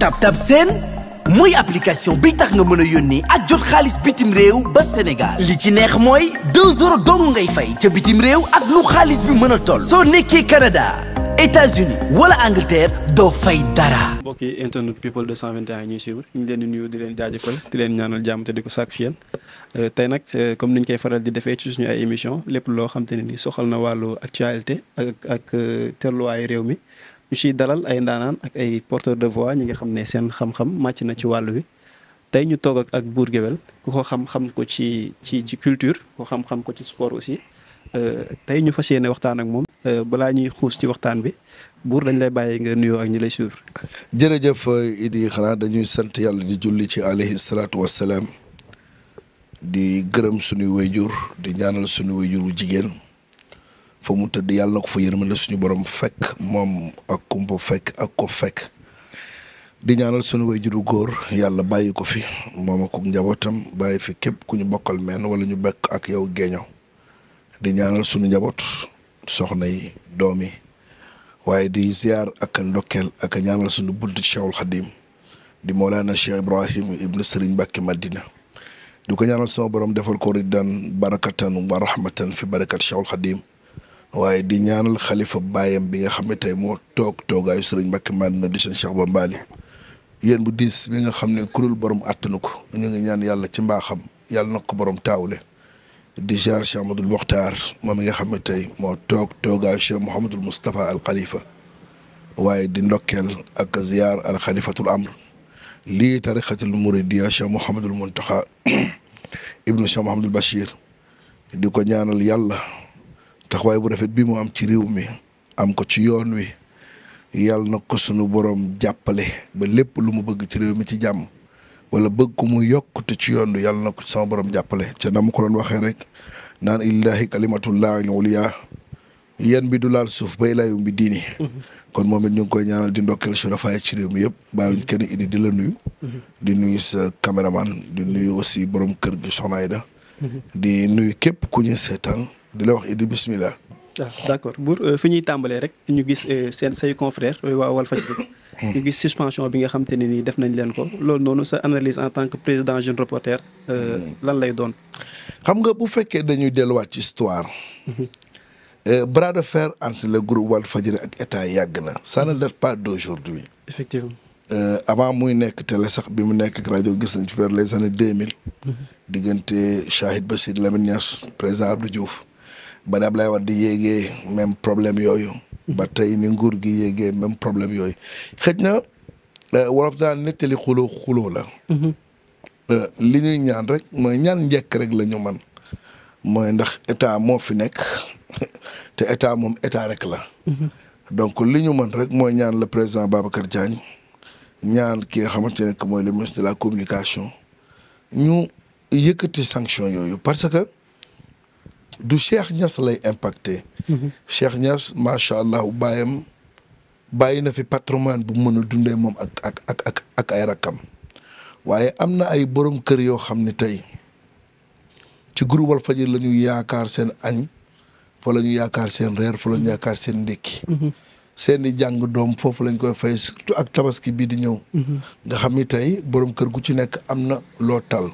Tap Tap Seen mooy application bi tax nga mën a yónnee ak jot xaalis bitim réew ba Sénégal li ci neex mooy 2 euros ngay fay ca bitim réew ak lu xaalis bi mën a toll soo nekkee Canada. États-Unis wala Angleterre doo fay dara. mbokki internet people 221 yi ñuy suivre ñu leen di nuyu di leen jaajëfal di leen ñaanal jàmm di ko sàkk fi yéen euh, nag euh, comme ni ñu koy faral di defee ci suñu ay émission lépp loo xam te ne ni soxal na wàllu actualité ak ak euh, terluwaayu réew mi. ñu ciy dalal ay ndaanaan ak ay porteur de voix ñi nga xam ne seen xam-xam màcc na ci wàll wi tey ñu toog ak ak buur géwél ku ko xam-xam ko ci ci ci culture ku ko xam-xam ko ci sport aussi euh, tey ñu fas yéene waxtaan ak moom euh, balaa ñuy xuus ci waxtaan bi buur dañ lay bàyyi nga nuyoo ak ñi lay suivre jërëjëf euh, idi xanaa dañuy sant yàlla di julli ci alayhi salaatu wassalaam di gërëm suñuy wayjur di ñaanal suñu wayjur wu jigéen fa mu tëdd yàlla na ko fa yërmande suñu borom fekk moom ak kumpa fekk ak ko fekk di ñaanal suñu wayjuru góor yàlla bàyyi ko fi moom ak njabootam bàyyi fi képp ku ñu bokkal meen walla ñu bekk ak yow géeño di ñaanal suñu njaboot soxna yi doom waaye di ziar ak ndokkeel ak ñaanal suñu bunt Cheikhul Khadim di Mawlana Cheikh Ibrahim ibn Serigne Mbacke Madina di ko ñaanal sama borom defal ko ridan barakatan wa rahmatan fi barakat Cheikhul Khadim waaye di ñaanal xalifa baayam bi nga xam ne tey moo toog toogaayu sëriñ Mbacke Madina di seen Cheikh Bambaali yéen bu dis bi nga xam ne kuréel borom àttanu ko ñu ngi ñaan yàlla ci mbaaxam yàlla na ko borom taawule di jaar Cheikh Amadou Mokhtar moom mi nga xam ne tey moo toog toogaayu Mouhamadul Moustapha al Khalifa waaye di ndokkeel ak ziar al Khalifatul Amr lii tarixatul Muridiya Cheikh Mouhamadul Mountakha ibnu Cheikh Mouhamadul Bachir di ko ñaanal yàlla. taxawaay bu rafet bii mu am ci réew mi am ko ci yoon wi yàlla na ko sunu boroom jàppale ba lépp lu mu bëgg ci réew mi ci jàmm wala bëgg ko mu yokkute ci yoon wi yàlla na ko sama borom jàppale ca na ma ko doon waxee rek naan illaahi kalimatullahi al-ulya yan bi du laal suuf bay laayum bi diini mm-hmm. kon moom it ñu ngi koy ñaanal di ndokkeel su rafaay ci réew mi yëpp bàyyiwuñ kenn idi di la nuyu mm-hmm. di nuyu sa caméraman di nuyu aussi borom kër gi Soxna Aida mm-hmm. di nuyu képp ku ñu seetaan di la wax idi bismillah waaw d' Bour fi ñuy tàmbalee rek ñu gis euh, seen say confrère euh, waa Walfadjri hmm. ñu gis suspension bi nga xam te ne nii def nañ leen ko loolu noonu sa analyse en tant que président jeune reporter euh, hmm. lan lay doon xam nga bu fekkee dañuy delluwaat ci histoire mhm. bras de fer entre le groupe Walfadjri ak état yàgg na ça ne date pas d' aujourd'hui effectivement avant muy nekk télé sax bi mu nekk ak rajo gis nañ ci vers les années deux mille mhm. diggante Chahid Bassid Lamine Niass président Abdou ba ne Ablaye Wade di yéegee même problème yooyu. ba tey ni nguur gi yéegee même problème yooyu xëj na euh, wolof daan nettali xuloo xuloo la. Mhm. Euh, li ñuy ñaan rek mooy ñaan njekk rek la ñu man mooy ndax état moo fi nekk te état moom état rek la. Mhm. donc li ñu mën rek mooy ñaan la président Babacar Diagne ñaan ki nga xamante ne mooy le ministre de la communication ñu yëkkati sanction yooyu parce que. du Cheikh Niass lay impacté. Mhm. Cheikh ñas macha allah baayam bàyyi na fi patrimoine bu mën a dundee moom ak ak ak ak ak ay rakkam waaye am na ay boroom kër yoo xam ne tey ci groupe fajir la ñu yaakaar seen añ fa la ñu yaakaar seen reer fa la yaakaar seen ndekki mhm. seen i jàng doom foofu lañ koy fay surtout ak tabaski bii di ñëw. Mhm. nga xam ni tey boroom kër gu ci nekk am na loo tal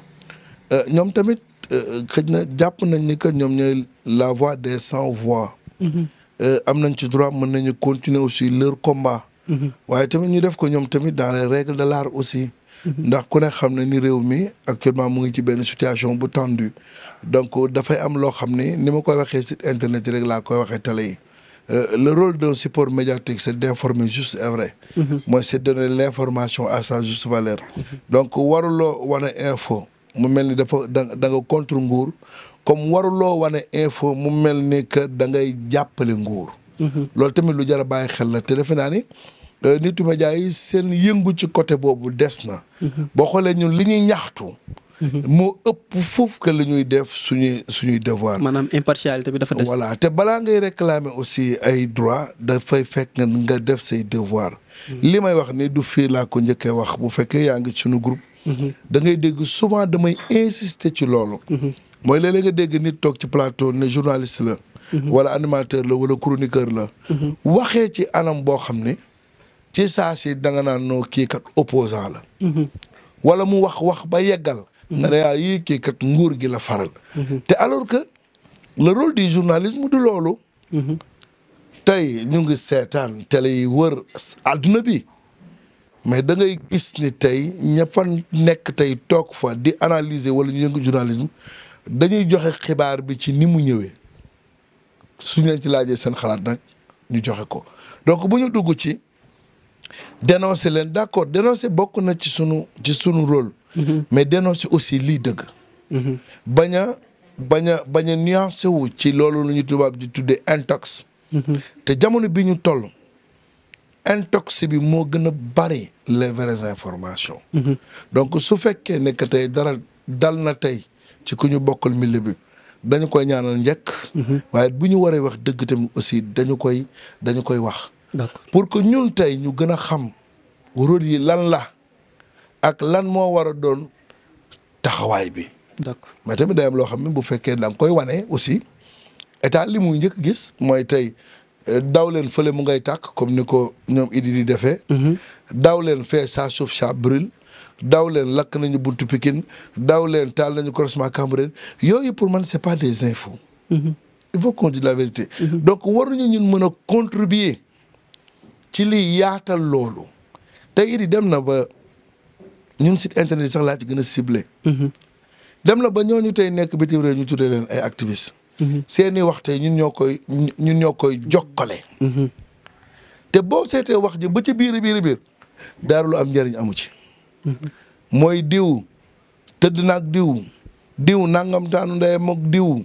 euh, ñoom tamit. Euh, xëj na jàpp nañ ni que ñoom ñooy la voix des sans voix. Mhm. Euh, am nañ ci droit mën nañu continuer aussi leur combat. Mhm. waaye tamit ñu def ko ñoom tamit dans les règles de aussi. Mhm. ndax ku ne xam ne ni réew mi actuellement mu ngi ci benn situation bu tendue donc euh, dafay am loo xam ni ni ma koy waxee site internet yi rek laa koy waxee télé yi. le rôle d'un support médiatique c'est d'informer juste et vrai. mooy c'est donner l'information à sa juste valeur. donc waruloo wane info. mu mel ni dafa da da nga contre nguur comme waruloo wane info mu mel ni que da ngay jàppale nguur. Mhm. loolu tamit lu jar a bàyyi xel na te defe naa ni euh, nitu média yi seen yëngu ci côté boobu des na. Mhm. boo xoolee ñun li ñuy ñaxtu. Mhm. moo ëpp foofu que li ñuy def suñuy suñuy devoir. maanaam impartialité bi dafa des. voilà te balaa ngay réclamer aussi ay droit dafay fekk nga def say devoir. li may wax ni du fii laa ko njëkkee wax bu fekkee yaa ngi suñu groupe. da ngay dégg souvent damay insisté ci loolu. mooy léeg nga dégg ni toog ci plateau ne journaliste la. wala animateur la wala chroniqueur la. waxee ci anam boo xam ne ci saa si da nga naan noo kii kat opposant la. wala mu wax wax ba yeggal. nga ne yii kii kat nguur gi la faral. te alors que le rôle du journalisme du loolu. tey ñu ngi seetaan télé yi wër àdduna bi. mais da ngay gis ni tey ña fa nekk tey toog fa di analyser wala ñu yëngu journalisme dañuy joxe xibaar bi ci ni mu ñëwee suñ leen ci laajee seen xalaat nag ñu joxe ko donc bu ñu dugg ci dénoncer leen d'accord dénoncer bokk na ci sunu ci sunu rôle. Mm-hmm. mais dénoncer aussi lii dëgg. Mm-hmm. bañ a bañ bañ a wu ci loolu lu ñu tubaab di tuddee intox. Mm-hmm. te jamono bi ñu toll. intox bi moo gën a bari les vraies informations. Mhm. donc su fekkee ne que tey dara dal na tey ci ku ñu bokkul mille bi dañu koy ñaanal njëkk. Mhm. waaye bu ñu waree wax dëgg tamit aussi dañu koy dañu koy wax. d'accord pour que ñun tey ñu gën a xam rôle yi lan la ak lan moo war a doon taxawaay bi. d'accord mais tamit day am loo xam ne bu fekkee da koy wane aussi état li muy njëkk gis mooy tey. daaw leen fële mu ngay tàkk comme ni ko ñoom idi di defee. Mhm. daaw leen fee saa suuf saa brûle. daaw leen lakk nañu buntu Pikine daaw leen taal nañu croisement Cambérène yooyu pour man c'est pas des infos. Mhm. il faut qu'on dise la vérité. Mhm. donc waruñu ñun mën a contribuer ci li yaatal loolu. te idi dem na ba ñun site internet yi sax laa ci gën a ciblé. dem na ba ñooñu tey nekk bitim réew ñu tuddee leen ay activistes. seeni waxte tey ñun ñoo koy ñun ñoo koy jokkale. Mhm. te boo seetee wax ji ba ci biir biir biir dara lu am njëriñ amu ci. Mhm. mooy diw tëdd naag diw diw nangam taanu ndeyam ak diw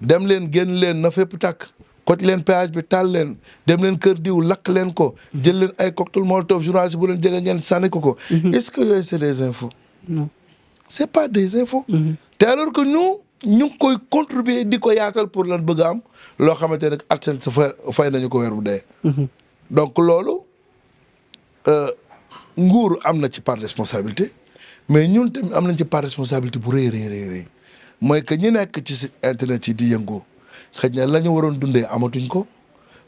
dem leen génn leen na fépp tàkk. koj leen péage bi taal leen dem leen kër diw lakk leen ko. Mhm. jël leen ay cocktail molotov journaliste bu leen jege ngeen sànni ko ko. est-ce que yooyu c'est des infos. c'est pas des infos. te alors que nous ñu ngi koy contribuer di ko yaatal pour lan bëgg am loo xamante ne AdSense fay nañu ko weer bu dee. Mhm. donc loolu euh, nguur am na ci par responsabilité mais ñun tamit am nañ ci part responsabilité bu rëy rëy rëy rëy mooy que ñi nekk ci site internet yi di yëngu xëy na lañu waroon dundee amatuñ ko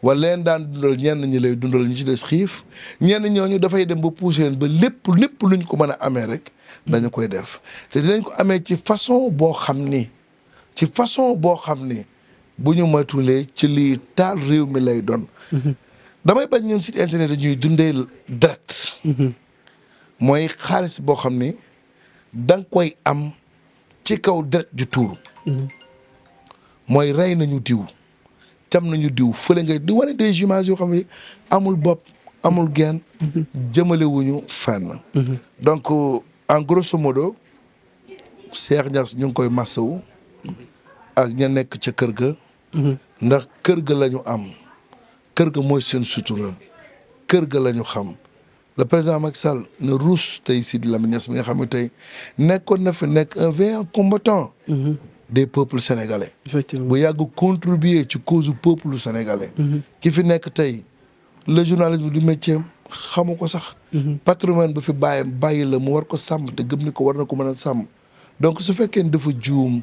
wala leen daan dundal ñenn ñi lay dundal ñu ci des xiif ñenn ñooñu dafay dem ba poussé leen ba lépp lépp luñ ko mën a amee rek dañu koy def te dinañ ko amee ci façon boo xam ni. ci façon boo xam ne bu ñu matulee ci lii taal réew mi lay doon. damay bañ ñun site internet dañuy dundee direct. mooy xaalis boo xam ne dang koy am ci kaw direct ju tuur. mooy rey nañu diw. cam nañu diw fële nga di wane des images yoo xam ne amul bopp amul genn jëmale wuñu fenn. Mhm. donc en grosso modo Cheikh ñu ngi koy massawu. a ña nekk ca kër ga. Mhm. ndax kër ga lañu am kër ga mooy seen sutura kër ga la ñu xam le président Macky Sall ne ruus tey la Lamine Niass bi nga xam ne tey nekkoon na fi nekk un véritable combattant. Mhm. des peuples sénégalais. effectivement bu yàgg contribuer ci cause du peuple sénégalais. Mhm. ki fi nekk tey le journalisme di métier xamu ko sax. patrimoine bu fi bàyyi bàyyi la mu war ko sàmm te gëm ni ko war na ko mën a sàmm donc su fekkee dafa juum.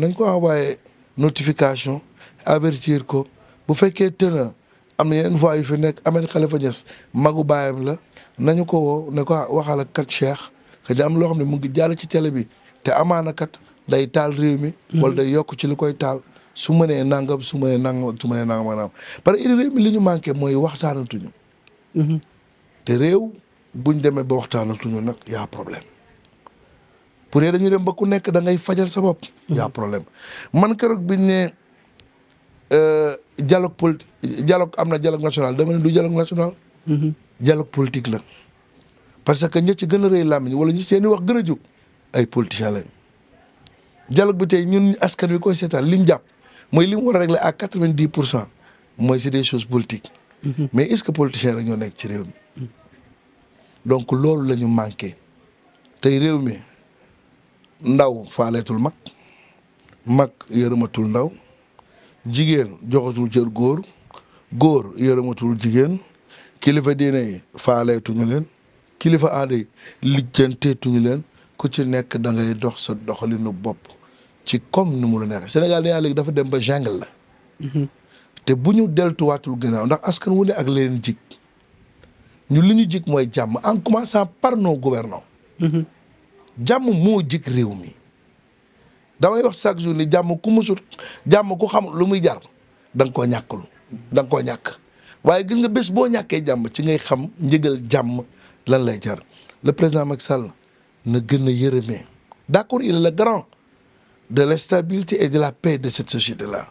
nañ ko envoyé notification avertir ko bu fekkee tëna am na yeneen voies yu fi nekk Ahmed Khalifa Niass magu baayam la nañu ko woo ne ko ah, waxal ak kat Cheikh xëy am loo xam ne mu ngi jàll ci télé bi te amaana kat day taal réew mi. Mm-hmm. wala day yokk ci li koy taal su mënee nangam su mënee nangam su mënee nangam maanaam parce que réew mi li ñu manqué mooy waxtaanatuñu. Mm-hmm. te réew buñ demee ba waxtaanatuñu nag y a problème. bu ne dañu dem ba ku nekk da ngay fajal sa bopp. Hmm. yaa problème man keroog biñ ne euh, dialogue politique dialogue am na dialogue national dama ne du dialogue national. Hmm. dialogue politique la. parce que ñi ci gën a rëy làmmiñ wala ñi seen i wax gën a jóg ay politiciens lañ. dialogue bi tey ñun askan wi koy seetaan li ñu jàpp mooy li mu war a régler à quatre vingt dix pour cent mooy c'est des choses politiques. Hmm. mais est ce que politiciens rek ñoo nekk ci réew mi. loolu la manqué tey réew mi. ndaw faaleetul mag mag yërëmatul ndaw jigéen joxatul cër góor góor yërëmatul jigéen kilifa diine yi faaleetuñu leen kilifa aada yi lijjanteetuñu leen ku ci nekk dangay dox sa doxalinu bopp ci comme nu mu la neexee Sénégal yaa léegi dafa dem ba jungle la. Mhm. te bu ñu deltuwaatul gannaaw ndax askan wu ne ak leen jig ñu li ñu jig mooy jàmm en commençant par nos gouvernants. Mhm. jàmm moo jik réew mi damay wax chaque jour ni jàmm ku musut jàmm ku xamul lu muy jar da nga koo ñàkkul da koo ñàkk waaye gis nga bés boo ñàkkee jàmm ci ngay xam njëgal jàmm lan lay jar le président Macky Sall na gën a yërëmee d'accord il est le grand de la stabilité et de la paix de cette société la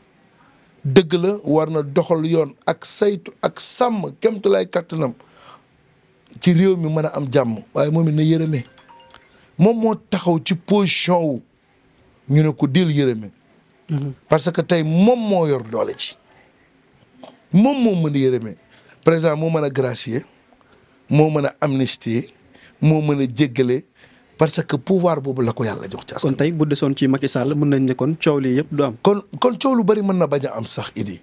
dëgg la war na doxal yoon ak saytu ak sàmm kemtulaay kàttanam ci réew mi mën a am jàmm waaye moom it na yërëmee moom moo taxaw ci position wu ñu ne ko dil yërëme mhm. parce que tey moom moo yor doole ci moom moo mën a yërëme président moo mën a gracier moo mën a amnistier moo mën a jéggale parce que pouvoir boobu la ko yàlla jox ci askan. kon tey bu desoon ci Macky Sall mën nañ ne kon coow lii yëpp du am. kon kon coow lu bëri mën na bañ a am sax idi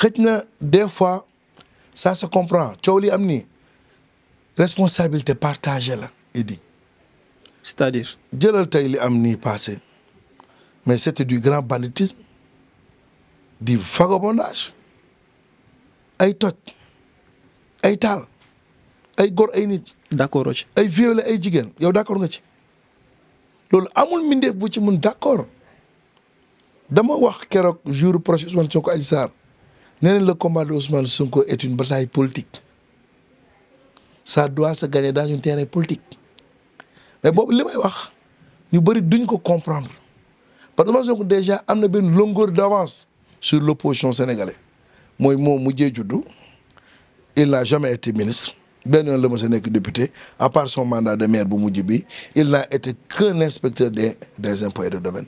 xëj na des fois sa se comprend coow lii am nii responsabilité partagée la idi c'est-à-dire. jëlal tey li am nii passé mais c'était du grand banditisme du vagabondage ay toj ay taal ay góor ay nit. d'accord ci ay violé ay jigéen yow d'accord nga ci loolu amul mbindeef bu ci mun d'accord dama wax keroog jour projet Ousmane Sonko Adji Sarr nee nañ le combat de Ousmane Sonko est une bataille politique ça doit se gagner dans un terrain mais boobu li may wax ñu bëri duñ ko comprendre par que Ousmane Sonko déjà am na benn longueur d'avance sur l'opposition sénégalaise mooy moom mujjee juddu il n'a jamais été ministre benn yoon la ma sa nekk député à part son mandat de maire bu mujj bi il n'a été qu'un inspecteur des des impôts et de domaine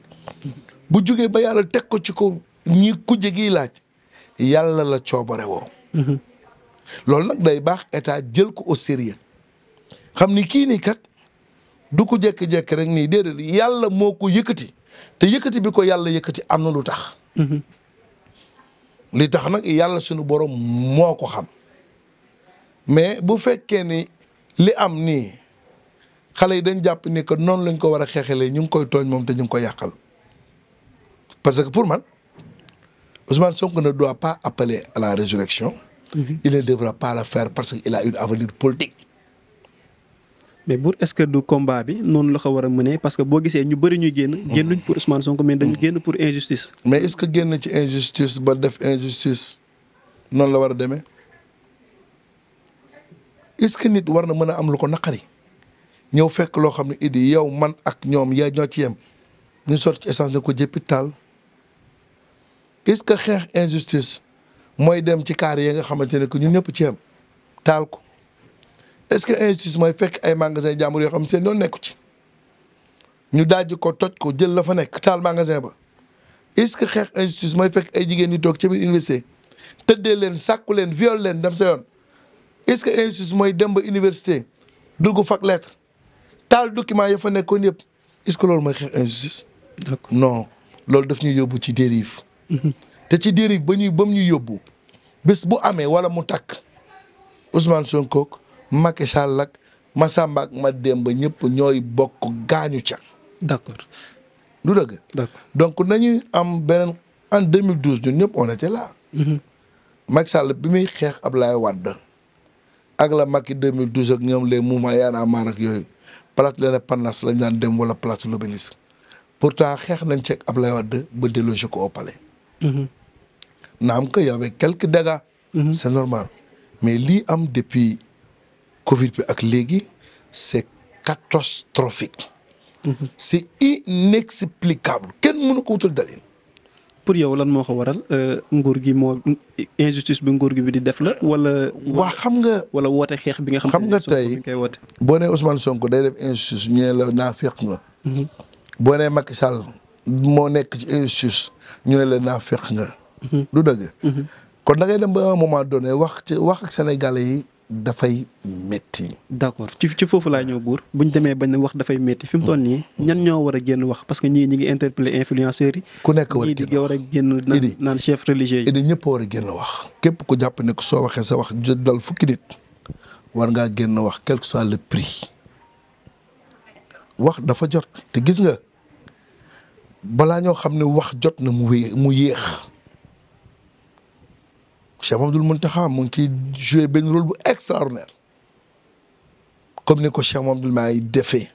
bu jugee ba yàlla teg ko ci ko ñi kujje gi laaj yàlla la coobare woo mhm. loolu nag day baax état jël ko au sérieux xam ni kii nii kat du ko jékki-jékki rek nii déedéet yàlla moo ko yëkkati te yëkkati bi ko yàlla yëkkati am na lu tax. Mhm. li tax nag yàlla sunu borom moo ko xam mais bu fekkee ni li am nii xale yi dañ jàpp ni que noonu lañ ko war a xeexalee ñu ngi koy tooñ moom te ñu ngi koy yàqal parce que pour man Ousmane Sonko ne doit pas appeler à la résurrection. Mhm. il ne devra pas la faire parce qu'il a un avenir politique. mais Bour est-ce que du combat bi noonu la ko war a mënee parce que boo gisee ñu bëri ñuy génn. génnuñ pour Ousmane Sonko mais dañu génn pour injustice. mais est que génn ci injustice ba def injustice noonu la war a demee est-ce que nit war na mën a am lu ko naqari ñëw fekk loo xam ne idi yow man ak ñoom yaa ñoo ci yem ñu sot ci essence ne ko jëppi taal est-ce que xeex injustice mooy dem ci kaar yi nga xamante ne que ñu ñëpp ci yem taal ko. es ce que injustice mooy fekk ay magasin jàmbur yoo xam ne seen yoon nekku ci ñu dajji ko toj ko jël la fa nekk taal magasin ba es ce que xeex injustice mooy fekk ay jigéen ñi toog ci biir université tëddee leen sàkku leen viol leen dem sa est-ce que injustice mooy dem ba université dugg fac lettre taal document ya fa nekkoon yëpp est-ce que loolu mooy loolu daf ñuy yóbbu ci dérive. Mhm. te ci dérive ba ñuy ba ñuy yóbbu bés bu amee wala mu takk Ousmane Sonko. Macky Sall ak Massamba ak ma Demba ñëpp ñooy bokk gaañu ca. d'accord du dëgg. d'accord donc nañu am beneen en 2012 ñun ñëpp on était là. Mhm. Macky Sall bi muy xeex Ablaye Wade ak la Macky 2012 ak ñoom les mouvements Y'en a marre ak yooyu place de l'Indépendance lañ daan dem wala place de l'Obélisque pourtant xeex nañ ceeg Ablaye Wade ba déloger ko au palais. Mhm. naam que y avait quelques dégâts. Mhm. c'est normal mais lii am depuis. Covid bi ak léegi c'est catastrophique. Mhm. c'est inexplicable kenn mënu ko wutal dalil. pour yow lan moo ko waral euh, nguur gi moo injustice bi nguur gi bi di def la wala. waa xam nga wala woote xeex bi nga. xam nga tey boo nee Ousmane Sonko day def injustice ñu la naafeq nga. Mhm. boo nee Sall moo nekk ci injustice ñu ne la nga. Mhm. kon da dem ba un moment wax ci wax ak sénégalais yi. dafay métti. d'accord ci ci foofu laay ñëw buur bu ñu demee bañ a wax dafay métti fi mu toll nii ñan ñoo war a génn wax parce que ñii ñi ngi interpeller influenceurs yi. ku nekk a génn wax war a génn naan naan chef religieux yi. idi ñëpp war a génn wax. képp ko jàpp ko soo waxee sa wax dal fukki nit war ngaa génn wax quel soit le prix wax dafa jot te gis nga balaa ñoo xam ne wax jot na mu mu yéex. Cheikh Mamadou Mountakha mu ngi ciy joué benn rôle bu extraordinaire comme ni ko Cheikh Mamadou maay defee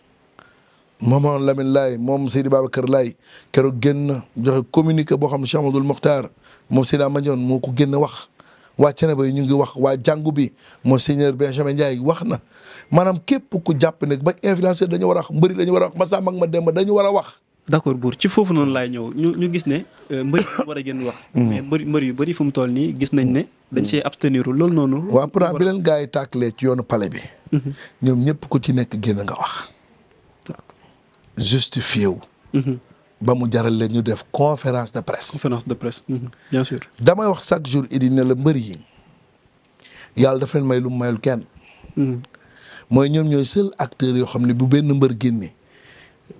maman Lamine Laye moom Seydi Babacar Laye keroog génn joxe communiqué boo xam ne Cheikh Mamadou Mokhtar moom Seydi Mandione moo ko génn wax. waa Ceneba ñu ngi wax waa jàngu bi monseigneur Benjamin Ndiaye wax na maanaam képp ku jàpp ne ba influenceur dañu war a wax mbëri dañu war a wax Massamba dañu war a wax. d'accord buur ci foofu noonu laay ñëw ñu ñu gis ne euh, mbër yi war a gën wax. Hmm. mais mbër mbër yu bëri fu mu toll nii gis nañ ne. Hmm. dañ see abstenir loolu noonu. waaw pourtant bi leen gars yi tàkkalee ci yoonu pale bi. Mhm. ñoom ñëpp ku ci nekk génn nga wax. justifié wu. Mhm. ba mu jaral leen ñu def conférence de presse. conférence de presse mhm. bien sûr. damay wax chaque jour idi ne la mbër yi yàlla dafa leen may lu mu mayul kenn. mooy ñoom ñooy seul acteur yoo xam ne bu benn mbër génnee.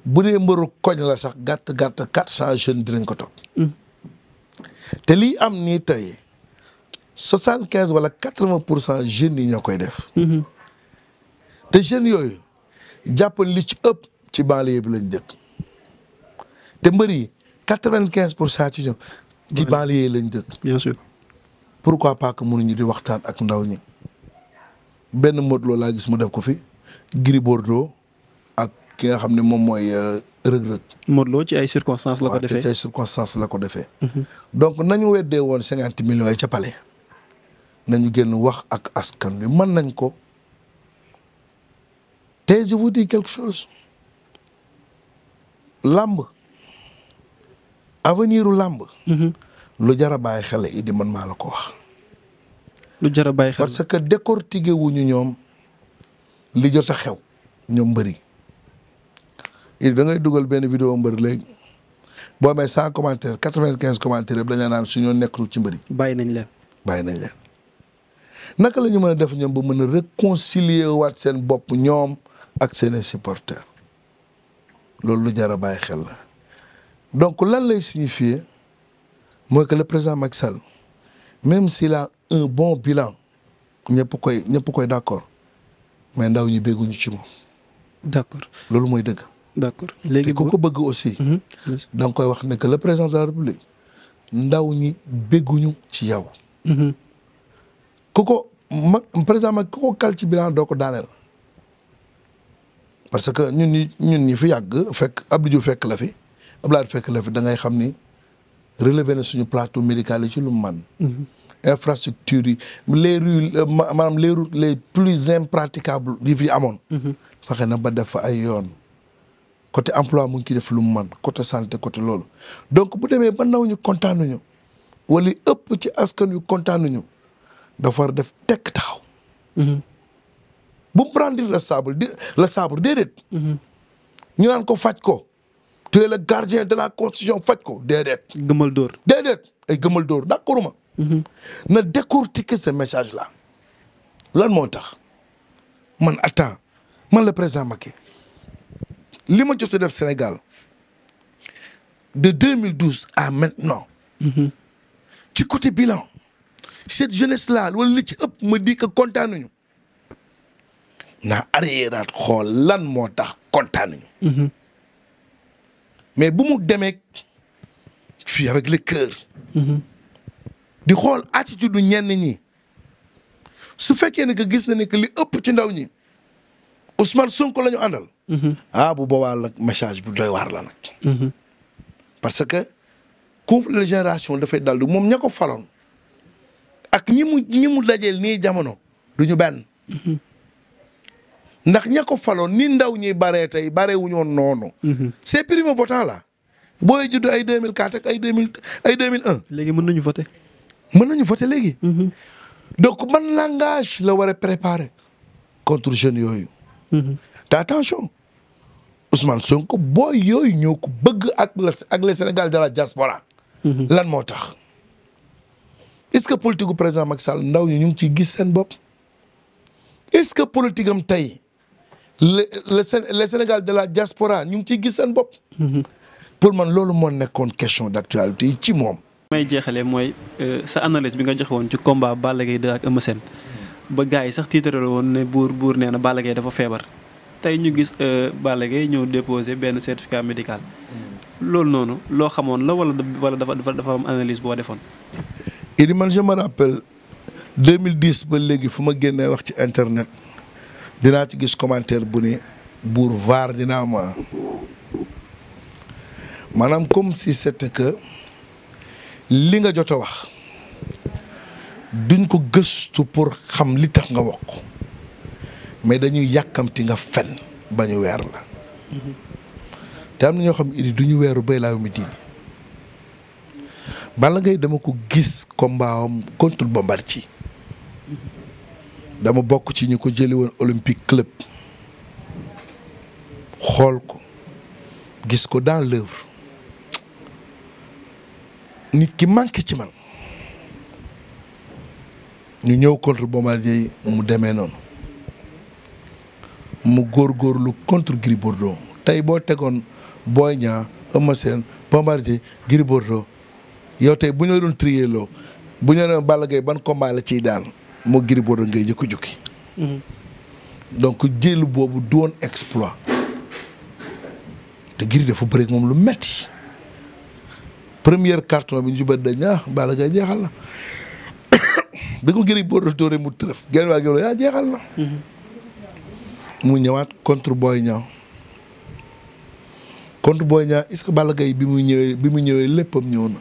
bu dee mbëru koñ la sax gàtt gàtt quatre cent jeunes dinañ ko topp. te lii am ni tey soixante quinze wala quatre vingt pour cent jeunes yi ñoo koy def. te jeunes yooyu jàppal li ci ëpp ci banlieue bi lañ dëkk. te mbër yi quatre vingt quinze pour cent ci ñoom ci banlieue lañ dëkk. pour sûr pourquoi pas que mënuñu di waxtaan ak ndaw ñi benn mot loo laa gis mu def ko fi giri Bordeaux. ki nga xam ne moom mooy euh, rëg-rëg. Modou Lo ci ay circonstances la ko defee waaw la ko defee. Mhm. donc nañu weddee woon cinquante millions yi ca palais nañu génn wax ak askan wi mën nañ ko te je làmb avenir làmb. Mhm. lu jar a bàyyi xel Idi man maa la ko wax. lu jar a xel parce que décortiqué wuñu ñoom li jot a xew ñoom bëri il da ngay dugal benn vidéo mbër léegi boo amee cent commentaires quatre-vingt-quinze commentaires yëpp dañu naan ci mbëri bàyyi nañ leen bàyyi nañ naka la ñu mën a def ñoom ba mën a réconcilier waat seen bopp ñoom ak seeni supporters loolu lu jar a bàyyi xel la donc lan lay signifier mooy que le président Macky Sall si la a un bon bilan ñëpp koy ñëpp koy d'accord mais ndaw ñi bégguñu ci moom. loolu mooy dëgg. d' accord léegi ku ko bëgg aussi. Mhm. da koy wax na que le président de la république ndaw ñi bégguñu ci yow. Mhm. ku ko mag président mag ku ko kal ci bilan doo ko daaneel. parce que ñun ñi ñun ñi fi yàgg fekk Abdou Diouf fekk la fi Abdoulaye fekk la fi da ngay xam ni relever na suñu plateau médical yi ci lu man mhm. infrastructure yi les euh, ma maanaam les routes les plus impraticables yi fi amoon. fexe na ba def fa ay yoon. côté emploi mu ngi def lu mu man côté santé côté loolu donc bu demee ba naw ñu kontaanuñu wala ëpp ci askan yu kontaanuñu dafa war def tekk taxaw. Mm-hmm. bu brandir la sable di la sabre déedéet. Mm-hmm. ñu naan ko faj ko. te es le gardien de la constitution faj ko déedéet. gëmal dóor déedéet ay gëmal dóor d'accord ma. Mm-hmm. na décortiquer ce message la lan moo tax man attends man la président Macky li ma jot a def Sénégal de 2012 à maintenant. Mhm. ci côté bilan. cette jeunesse là wala li ci ëpp ma di ko kontaanuñu naa arriéraat xool lan moo tax kontaanuñu. Mhm. mais bu mu demee fii avec le mhm. di xool attitude du ñenn ñi su fekkee ne que gis na ni que li ëpp ci ndaw ñi Ousmane Sonko lañu ñu àndal. ah bu boobaa nag message bu doy waar la nag. parce que conflit de génération dafay dal moom ñako faloon ak ñi mu ñi mu dajeel nii jamono du ñu benn. ndax ña ko faloon ni ndaw ñi baree tey baree wu ñoon noonu. ces primo votants la booy judd ay 2004 ak ay 2000 ay 2001. léegi mën nañu voter. mën nañu voter léegi. man langage la war a préparer contre jeunes yooyu. te attention Ousmane Sonko booy yooyu ñoo ko bëgg ak la ak les Sénégal de la diaspora mm-hmm. lan moo tax est-ce que politique gu président Macky Sall ndaw ñi ñu ngi ciy gis seen bopp est-ce que politique am tey le le Sénégal de la diaspora ñu ngi ciy gis seen bopp. Mm-hmm. pour man loolu moo nekkoon question d'actualité yi ci moom. may jeexalee mooy euh, sa analyse bi nga joxe woon ci combat Balla Gaye 2 ak ba gars yi sax tiitaree woon ne buur buur nee na Balla Gaye dafa feebar. tey ñu gis euh, Balla Gaye ñëw déposé benn certificat médical loolu noonu loo xamoon la wala wala dafa dafa dafa am analyse boo defoon. Idi man je me mille 2010 ba léegi fu ma génnee wax ci internet dinaa ci gis commentaire bu ne buur vaar dinaa ma ah. maanaam comme ci c'était que li nga jot a wax duñ ko gëstu pour xam li tax nga wax. mais dañuy yàkkamti nga fen ba ñu weer la te am na ñoo xam idi du duñu weeru bay laa mi diini bala ngay dama ko gis combat am contre Bombardier dama bokk ci ñu ko jëli woon Olympique Club xool ko gis ko dans l'œuvre nit ki manqué ci man ñu ñëw contre Bombardier mu demee noonu mu góor góor lu contre Gris Bordeaux tey boo tegoon booy ñaa Eumeu Sène Bombardier Gris Bordeaux yow tey bu ñu doon trie loo bu ñu la doon Balla Gaye ban combat la ci daal moo Gris Bordeaux ngay jëkk jukki mhm. donc jël boobu du woon exploit te de dafa bëri moom lu metti première carton bi ñu bëri dañ ah Balla Gaye jeexal na bi ko Gris Bordeaux tóore mu tërëf genn waa gi yaa jeexal na mhm. mu ñëwaat contre Boy Niang contre booy Niang est-ce que Balla bi mu ñëwee bi mu ñëwee léppam ñëw na.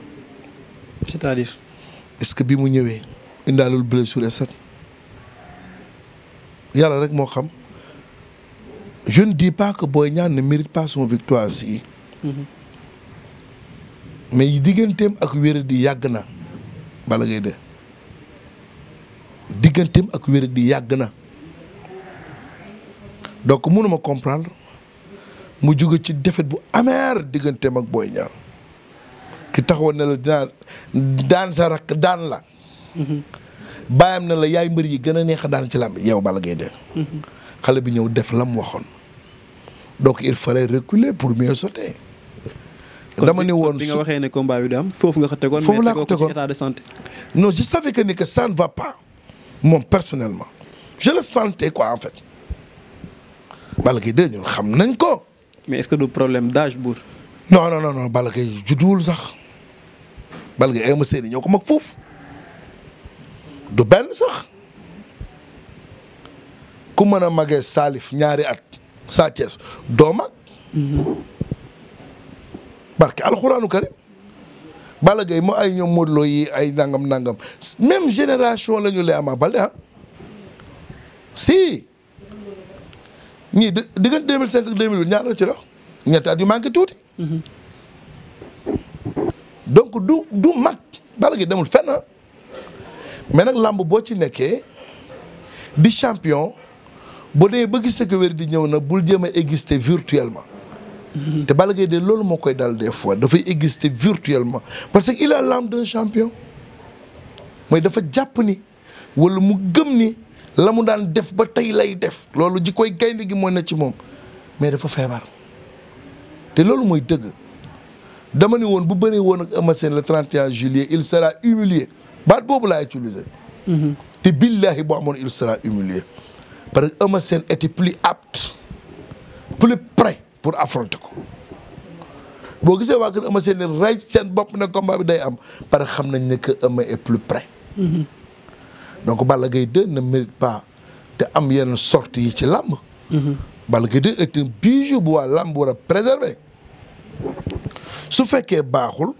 cest est-ce que bi mu ñëwee indaalul blessure et set yàlla rek moo xam je di dis booy que Boy Niang ne mérite victoire si. Mm -hmm. mais digganteem ak wér di yàgg na Balla Gaye de digganteem ak wér di yàgg na. donc mënuma comprendre mu jóge ci defit bu amer digganteem ak Boy Niang ki taxawoon ne la dinaa daan sa rakk daan la bàyyam na la yaay mbër yi gën a neex a daan ci làmb yow Balla Gaye de xale bi ñëw def lam waxoon donc il fallait reculer pour mieux sotee dama ne woon bi nga waxee ne combat bi du foofu nga ko tegoon foofu laa ko tegoon état de santé non je savais que ni que ça ne moom personnellement je le sentais quoi en Balla Gaye 2 xam nañ ko. mais est que du problème d'âge no non non non non Balla sax Balla Gaye ay ma seen ñoo ko mag foofu du benn sax ku mën a magee Salif ñaari at Sa Thiès doo mag. Mm-hmm. barke alxuraanu karim Balla moo ay ñoom Modou Lo ay nangam nangam même génération la ñu lay Ama Baldé ah. si. ñii diggante cinq ak mil ñaar la ci dox ñetti at yu manqué tuuti. donc du du mag bala gi demul fenn mais nag làmb boo ci nekkee di champion boo demee ba gis que wér di ñëw na bul jéem a exister virtuellement. te Balla Gaye de loolu moo koy dal des fois dafay exister virtuellement parce que il a l'âme d'un champion mooy dafa jàpp ni wala mu gëm ni. la mu daan def ba tey lay def loolu jikoy gaynde gi mooy na ci moom mais dafa feebar te loolu mooy dëgg dama ne woon bu bëree woon ak Eumeu Sène le 31 juillet il sera humilié baat boobu laa utilisé. Mm-hmm. te billahi boo amoon il sera humilié parce que Eumeu Sène était plus apte plus prêt pour affronter ko boo gisee waa kër Eumeu Sène ne rey seen bopp na combat bi day am parce xam nañ ne que Eumeu est plus prêt. Mm-hmm. donc Balla Gaye 2 ne mérite pas te am yenn sorties yi ci làmb mhm. Balla Gaye 2 est un bijou bu waa làmb war a su fekkee baaxul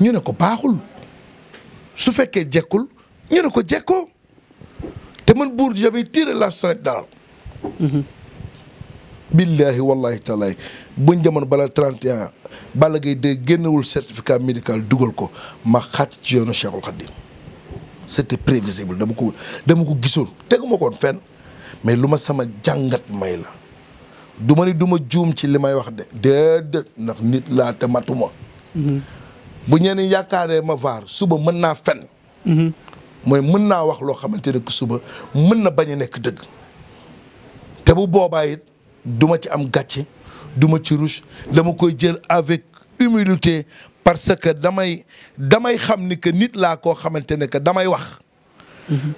ñu ne ko baaxul su fekkee jekkul ñu ne ko jekkoo te man buur j'avais tiré la sonnette daal mhm. billahi wallahi taalaay buñ jamono bala 31 Balla Gaye 2 génnewul certificat médical dugal ko ma xàcc ci yoonu Cheikhul Khadim c'était prévisible dama ko dama ko gisoon teguma koon fen mais lu ma sama jàngat may la du ma ni du ma juum ci li may wax de déedéet ndax nit laa te matuma bu ñenn yaakaaree ma vaar suba mën naa fen mooy mën naa wax loo xamante ne que suba mën na bañ a nekk dëgg te bu boobaa it duma ci am gàcce duma ci ruche dama koy jël avec humidité parce que damay damay xam ni que nit laa koo xamante ne que damay wax.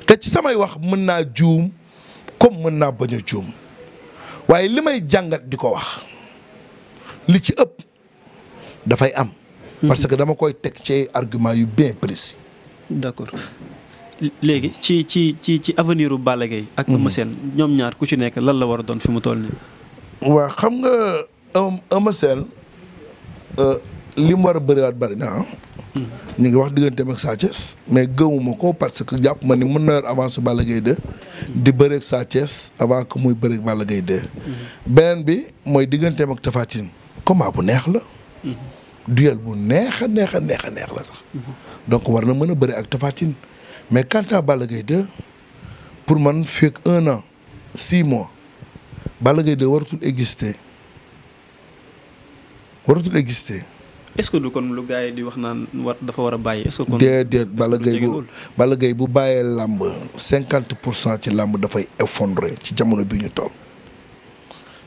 te ci samay wax mën naa juum comme mën naa bañ a juum waaye li may jàngat di ko wax li ci ëpp dafay am. parce que dama koy teg ci argument yu bien précis. d'accord léegi ci ci ci ci avenir u Balla Gaye ak Eumeu mhm. seen ñoom ñaar ku ci nekk lan la war a doon fi mu toll nii. waaw xam nga Eumeu Sène. Euh, li mu war a bëriwaat bëri na ah. ñu ngi wax digganteem ak Sa Thiès mais gëmuma ko parce que jàpp ma ni mën na yor avance bala Gaye 2 di bëre ak Sa Thiès avant que muy bëre beneen bi mooy digganteem ak Tapha Tine bu neex la duel bu neex a neex a neex a neex la sax donc war na mën a bëri ak Tapha mais quant à Balla Gaye man fekk un an six mois bala Gaye 2 waratul exister waratul est-ce que du kon lu gars di wax naan war dafa war a bàyyi. est-ce que kon déedéet Balla bu bàyyee làmb cinquante pour cent ci làmb dafay effondré ci jamono bi ñu toll.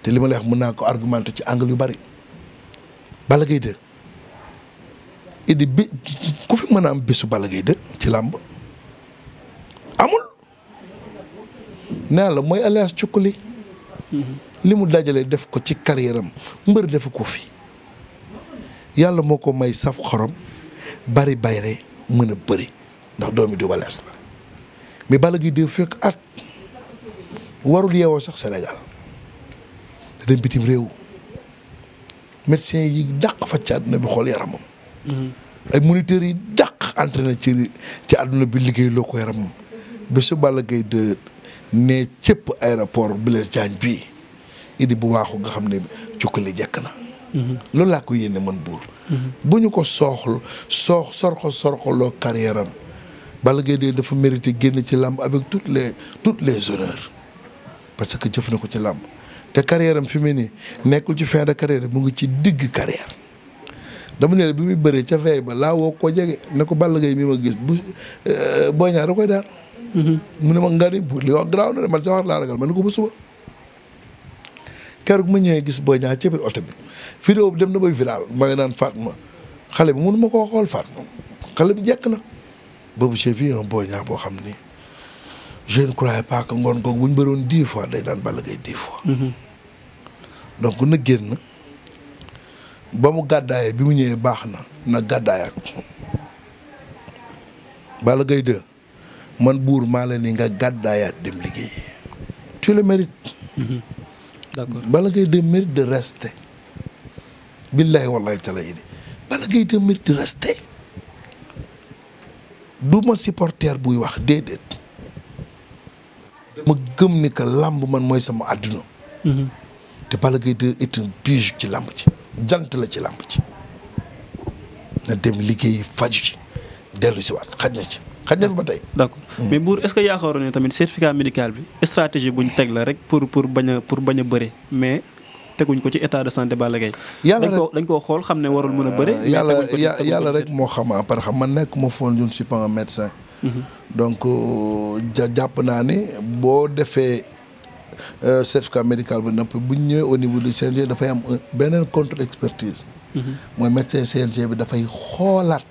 te li ma la wax mën naa ko argumenté ci angle yu bari Balla Gaye 2 Idi bi ku fi mën a am bésu Balla Gaye 2 ci làmb amul. nee la mooy alias cukkuli mm-hmm. li mu dajalee def ko ci carrière mbër defu ko fi. yàlla moo ko may saf xorom bari bayre mën a bëri ndax doomi Double Less la mais Balla Gaye dee fekk at warul yeewoo sax senegal da bitim réew médecin yi dàq fa ci àdduna bi xool yaramam mm-hmm. ay moniteurs yi dàq entraîné ci ci àdduna bi liggéey loo ko yaram ba su Balla Gaye de ne cëpp aéroport Blaise Diagne bii idi bu waaxu nga xam ne cukkali jekk na loolu laa ko yéene man buur bu ñu ko sooxlu soox sorxo sorxoloo carrière am Balla dafa mérité génn ci làmb avec tout les toutes les honneurs parce que jëf na ko ci làmb te carrière fi mu nii nekkul ci fin de carrière mu ngi ci digg carrière dama ne la bi muy bëree ca veille ba laa woo ko jege ne ko Balla Gaye mi ma gis bu euh, Boy Niang koy daal mm-hmm. mu ne ma nga ni buur li wax garaaw na man sa ma ne ko ba suba keroog ma ñëwee gis Boy Niang ci biir oto bi vidéo bi dem na bay viral ma nga naan Fatma xale bi mënu ma koo xool Fatma xale bi jekk na boobu j'ai vu un Boy Niang boo xam ni je ne croyais que ngoon googu bu ñu bëroon dix fois day daan Balla Gaye dix fois. Mm-hmm. donc na génn ba mu gàddaayee bi mu ñëwee baax na na gàddaayaat. Balla Gaye man buur maa la ni nga gàddaayaat dem liggéey tu le mérites. Mm-hmm. d'accord Balla Gaye 2 mérite de rester. billahi wallahi taala yi Balla Gaye 2 mérite de rester. du ma supporter buy wax déedéet. dama gëm ni que làmb man mooy sama àdduna. Mhm. te Balla Gaye 2 est un ci làmp ci jant la ci làmp ci. na dem liggéey faju ci dellu si waat xaj na ci. xaj na fi ba tey. d'accord hmm. mais Mbour est-ce que yaakaaroon ne tamit certificat médical bi stratégie bu ñu teg la rek pour pour bañ a pour a bëre mais teguñ ko ci état de santé Balla Gaye. yàlla rek dañ koo xool xam ne warul mën a bëre. yàlla yàlla rek moo xam à part xam man nekk ma foon je ne suis pas un médecin. Mhm. donc euh, ja jàpp naa ne boo defee euh, certificat médical bi noppi buñ ñu ñëwee au niveau du CNG dafay am beneen contre expertise. Mhm. mooy médecin CNG bi dafay xoolaat.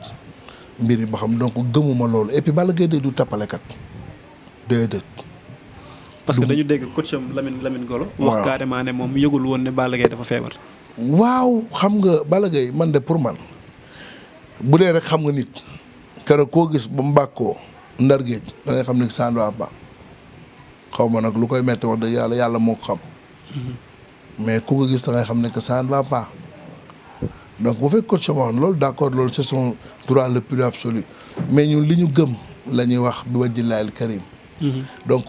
mbir yi ba xam donc gëmuma loolu et puis Balla Gaye du tapalekat déedéet. parce que dañu dégg coach am Lamine Lamine Golo. wax carrément ne moom yëgul woon ne Balla Gaye dafa feebar. waaw xam nga Balla Gaye man de pour man bu dee rek xam nga nit keroog koo gis ba mu bàkkoo ndar géej da ngay xam ne sànni ba xaw ma nag lu koy metti wax yàlla moo ko xam mhm. gis da ngay xam ne que ça donc bu fekk coach wax loolu d'accord loolu c'est son droit le plus absolu mais ñun li ñu gëm la ñuy wax bi al karim mm-hmm. donc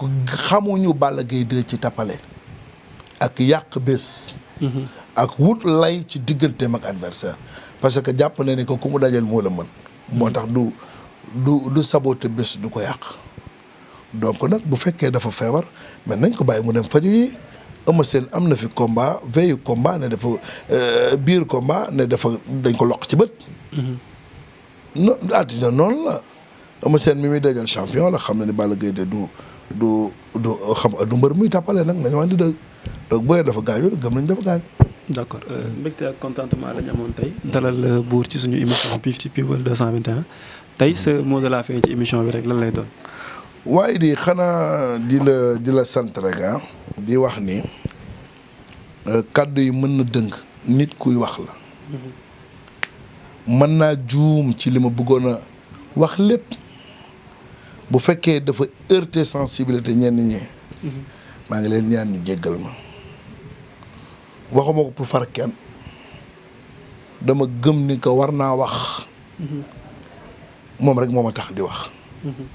xamuñu Balla Gaye 2 ci tàppale ak yàq bés mm-hmm. ak wut lay ci digganteem mag adversaire parce que jàpp na ni ko ku mu dajal moo la mën moo tax du du du saboté bés du ko yàq donc nag bu fekkee dafa feebar mais nañ ko bàyyi mu dem faju yi Eumeu Sène am na fi combat veillu combat ne dafa euh, biir combat ne dafa dañ ko loq ci bët. Mm-hmm. no àddina noonu la Eumeu Sène mi muy dajal champion la xam na ni Balla Gaye de du du du xam du mbër muy tàppale nag nañu wax di dëgg donc booyee dafa gaañu gëm nañ dafa gaañ. d' accord euh, mbégte ak contentement la ñu amoon tey dalal euh, buur ci suñu émission Fifty People 221 tey sa mot de la fin ci émission bi rek lan lay doon. waaye di xanaa di la di la sant rek ah, di wax ni euh, kàddu yi mën na dëng nit kuy wax la mën naa juum ci li ma bëggoon a wax lépp bu fekkee dafa heurter sensibilité ñenn ñi maa ngi leen ñaan ñu jéggal ma waxuma ko pour far kenn dama gëm ni ko war naa wax mhm. moom rek moo ma tax di wax mhm.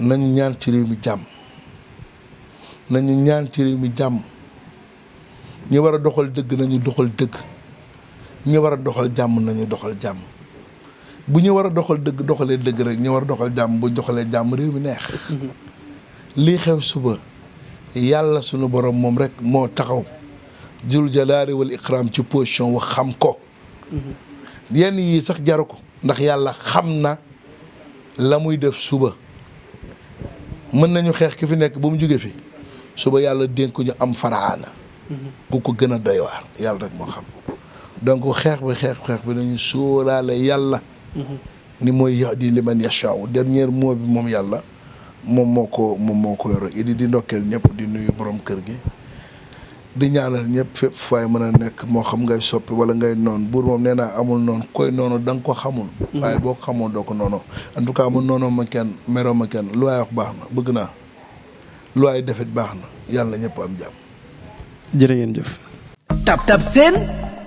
nañu ñaan ci réew mi jàmm nañu ñaan ci réew mi jàmm ñi war a doxal dëgg nañu doxal dëgg ñi war a doxal jàmm nañu doxal jàmm bu ñu war a doxal dëgg doxalee dëgg rek ñu war a doxal jàmm bu doxalee jàmm réew mi neex mm-hmm. lii xew suba yàlla sunu borom moom rek moo taxaw jul jalaari wal ikraam ci position wax xam ko mm-hmm. yenn yii sax jaru ko ndax yàlla xam na la muy def suba mën nañu xeex ki fi nekk ba mu jógee fi suba yàlla dénk ñu am faraana ku ko gën a doy waar yàlla rek moo xam donc xeex bi xeex xeex bi nañu sóoraale yàlla ni mooy yahdi liman yashaaw dernier mot bi moom yàlla moom moo ko moom moo ko yoro idi di ndokkeel ñëpp di nuyu borom kër gi di ñaanal ñëpp fépp faay mën a nekk moo xam ngay soppi wala ngay noon buur moom nee naa amul noonu koy noonu da nga ko xamul mm-hmm. waaye boo ko xamoon doo ko noonu en tout cas man noonoo ma kenn meroo ma kenn lu waay wax baax na bëgg naa lu waay defit baax na yàlla ñëpp am jàmm jërë ngeen seen